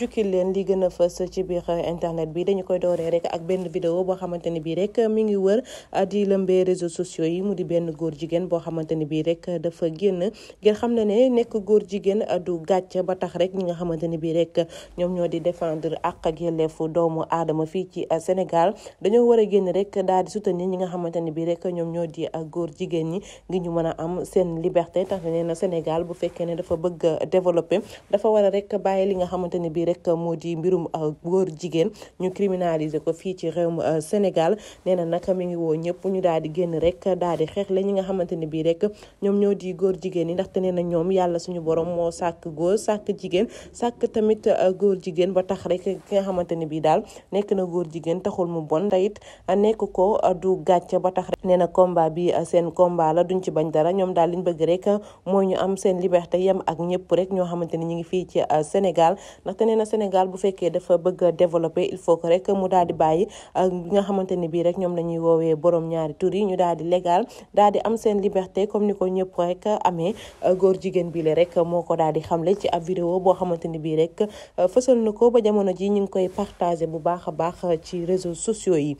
jukkil leen li gën a fës ci biir internet bi dañu koy dooree rek ak benn vidéo boo xamante ni bii rek mi ngi wër di lëmbee réseaux sociaux yi mu di benn góor jigéen boo xamante ni bii rek dafa génn ngeen xam ne ne nekk góor jigéen a du gàcc ba tax rek ñi nga xamante ni bii rek ñoom ñoo di défendre ak ak yelleefu doomu aadama fii ci Sénégal dañoo war a génn rek daal di soutenir ñi nga xamante ni bii rek ñoom ñoo di góor jigéen ñi ngir ñu mën a am seen liberté tax ne na Sénégal bu fekkee ne dafa bëgg développer dafa war a bàyyi li nga xamante ni rek moo di mbirum euh, góor jigéen ñu criminaliser ko fii ci réewum euh, Sénégal nee na nag mi ngi woo ñëpp ñu daal di génn rek daal di xeex la ñi nga xamante ne bii rek ñoom ñoo di góor jigéen yi ndaxte nee na ñoom yàlla suñu borom moo sàkk góor sàkk jigéen sàkk tamit euh, góor jigéen ba tax rek ki nga xamante ne bii daal nekk na góor jigéen taxul mu bon tayit nekk ko du gàcce ba tax nee na combat bi seen combat duñ ci bañ dara ñoom daal liñ bëgg rek mooy ñu am seen liberté yem ak ñëpp rek ñoo xamante ne ñu ngi fii ci Sénégal ndaxte nee na Sénégal bu fekkee dafa bëgg a développer il faut que rek mu daal di bàyyi euh, nga xamante ni bii rek ñoom la ñuy woowee borom ñaari tur yi ñu daal di légal daal di am seen liberté comme ni ko ñëpp rek amee euh, góor jigéen bii le rek moo ko daal di xamle ci ab vidéo boo xamante ni bii rek euh, fësal na ko ba jamono ji ñu ngi koy partagé bu baax a baax ci réseau sociaux yi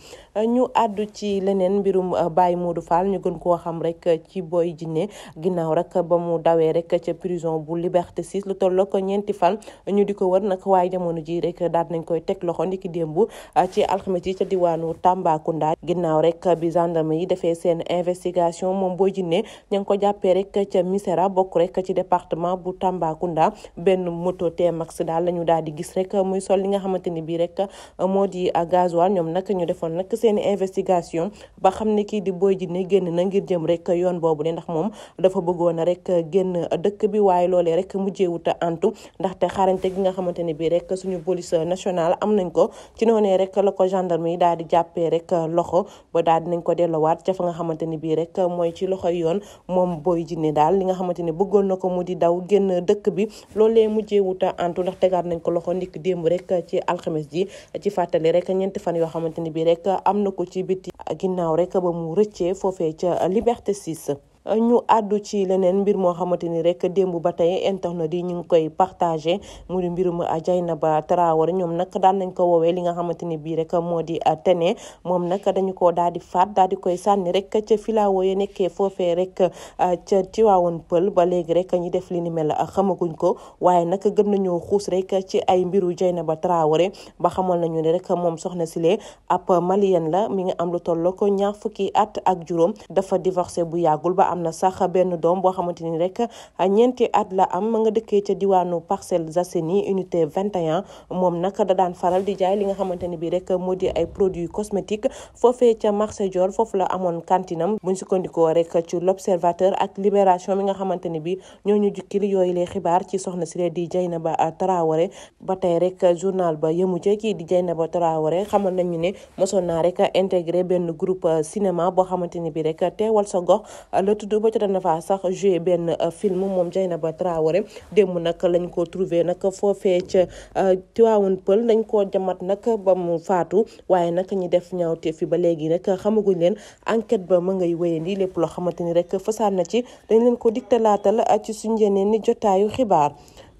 ñu àddu ci leneen mbirum Baye du faal ñu gën koo xam rek ci booy jinne ginnaaw rek ba mu dawee rek ca bu Liberté 6 lu tolloo waaye jamono ji rek daal nañ koy teg loxo niki démb ah, ci alxames yi ca diwaanu Tambacounda ginnaaw rek bi gendarme yi defee seen investigation moom Boy jinnee ña ngi ko jàppee rek ca Missirah bokk rek ci département bu Tambacounda benn moto T-Max daal la ñu daal di gis rek muy sol li nga xamante ni bii rek ah, moo di gasoil ñoom nag ñu defoon nag seen investigation ba xam ne kii di Boy Djiné génn na ngir jëm rek yoon boobu de ndax moom dafa bëggoon rek génn dëkk bi waaye loolee rek mujjeewuta antu ndaxte nga xamante ni bi rek suñu police nationale am nañ ko ci noonee rek la ko gendarme yi daal di jàppee rek loxo ba daal nañ ko delloowaat ca fa nga xamante ni bii rek mooy ci loxo yoon moom Boy Djiné daal li nga xamante ni bëggoon na ko mu di daw génn dëkk bi loolee mujjee wuta antu ndax tegaat nañ ko loxo ndikk démb rek ci alxames ji ci fàttali rek ñeenti fan yoo xamante ni bii rek am na ko ci biti ginnaaw rek ba mu rëccee foofee ca Liberté 6 ñu àddu ci leneen mbir moo xamante ni rek démb ba tey internet yi ñu ngi koy partagé mu di mbirum Dieynaba Traoré ñoom nag daan nañ ko woowee li nga xamante ni bii rek moo di tene moom nag dañu ko daal di faat daal di koy sànni rek ca filaawo ya nekkee foofee rek ah, ca Tiwaawoon Pël ba léegi rek ñi def li ni mel xamaguñ ko waaye nag gën nañoo xuus rek ci ay mbiru Dieynaba Traoré ba xamal nañu ne rek moom soxna si Sile ab malienne la mi ngi am lu tolloo ko ñaar fukki at ak juróom dafa divorcé bu yàggul ba am am na sax benn doom boo xamante ni rek ñeenti at la am nga dëkkee ca diwaanu Parcelles Assainies unité 21 moom naka da daan faral di jaay li nga xamante ni bii rek moo di ay produits cosmétiques foofee ca marché Dior foofu la amoon kantinam buñ sukkandikoo rek ci l'observateur ak libération mi nga xamante ni bii ñoo ñu jukkil yooyu les xibaar ci soxna si lee di Dieynaba Traoré ba tey rek journal ba yemu ca kii di Dieynaba Traoré xamal nañu ne mosoon naa rek intégré benn groupe cinéma boo xamante ni bii rek teewal sa gox tudd ba jotoon na faa sax joué benn euh, film moom Dieynaba Traoré démb nag lañ ko trouver nag foofee ca euh, Tivaouane Peulh dañ koo jamat nag ba mu faatu waaye nag ñi def ñaawte fi ba léegi nag xamaguñ leen enquête ba ma ngay woyee nii lépp loo xamante ni rek fasaan na ci dañ leen ko talaatal digtalaatal euh, ci suñu yeneen ni jotaayu xibaar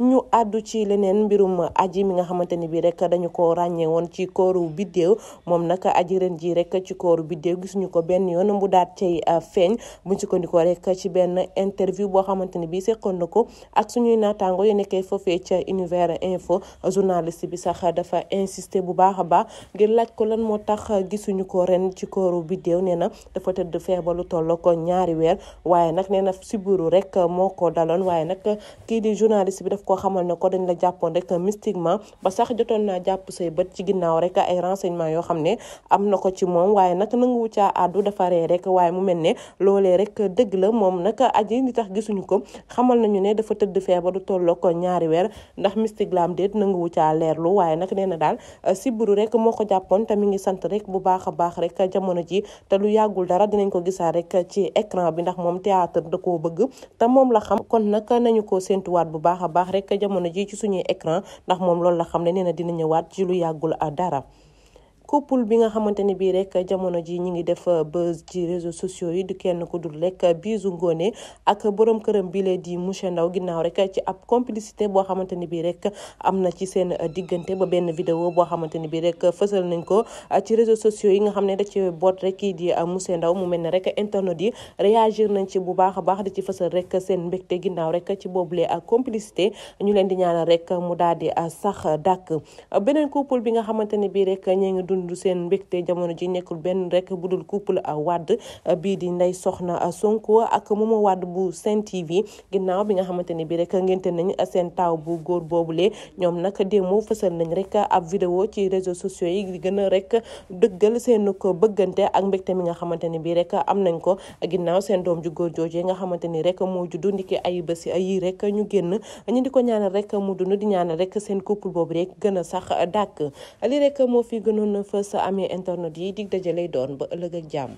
ñu àddu ci leneen mbirum aji mi nga xamante ni bii rek dañu ko ràññee woon ci kooru biddéew moom nag aji ren ji rek ci kooru biddéew gisuñu ko benn yoon bu daat cay ah, feeñ buñ sukkandikoo rek ci benn interview boo xamante ni bii seqoon na ko ak suñuy naataango yu nekkee foofee ca univers info journaliste bi sax dafa insister bu baax a baax ngir laaj ko lan moo tax gisuñu ko ren ci kooru biddéew nee na dafa tëdd feebar lu toll ko ñaari weer waaye nag nee na sibiru rek moo ko daloon waaye nag kii di bi daf ko xamal ne ko dañ la jàppoon rek mystiquement ba sax jotoon naa jàpp say bët ci yoo xam ne am na ko ci moom waaye nag nanguwu caa àddu dafa ree rek waaye mu mel ne loolee rek dëgg la moom nag aji li tax gisuñu ko xamal nañu ne dafa tëdd feebaru tolloo ko ñaari weer ndax mystique laam déet nanguwu caa leerlu waaye nag nee na daal sibiru rek moo ko jàppoon te mi ngi sant rek bu baax a baax rek jamono ji te lu yàggul dara dinañ ko gisaa rek ci écran bi ndax moom théâtre da koo bëgg te moom la xam kon nag nañu ko séntuwaat bu baax a baax rek jamono ji ci suñuy ecran ndax moom loolu la xam ne nee na dina ñëwaat ci lu yàggul dara couple bi nga xamante ni bii rek jamono ji ñu ngi def buzz ci réseaux sociaux yi di kenn ko dul rek Bijou Ngoné ak boroom këram bi lee di Monsieur ndaw ginnaaw rek ci ab complicité boo xamante ni bii rek am na ci seen diggante ba benn vidéo boo xamante ni bii rek fësal nañ ko ci réseaux sociaux yi nga xam ne da ci boot rek kii di Monsieur ndaw mu mel ne rek internet yi réagir nañ ci bu baax a baax di ci fësal rek seen mbégte ginnaaw rek ci boobule ak complicité ñu leen di ñaanal rek mu daal di sax dàq beneen couple bi nga xamante ni bii rek ñu dund seen mbégte jamono ji nekkul benn rek bu dul couple a Wade uh, bii di Ndeye Soxna uh, Sonko ak Momo Wade bu Sen TV ginnaaw bi nga xamante ne bi rek ngente nañ uh, seen taaw bu góor boobule ñoom nag démb fësal nañ rek ab vidéo ci réseaux sociaux yi di gën a rek dëggal seen ko bëggante ak mbégte mi nga xamante ne bi rek am nañ ko ginnaaw seen doom ju góor joojee nga xamante ni rek moo ju juddu ndiki ay bés yi rek ñu génn ñu di ko ñaanal rek mu dund di ñaanal rek seen couple boobu rek gën a sax dàkk li rek moo fi gënoon fës amee internet yi di daje lay doon ba ëllëg ak jàmm.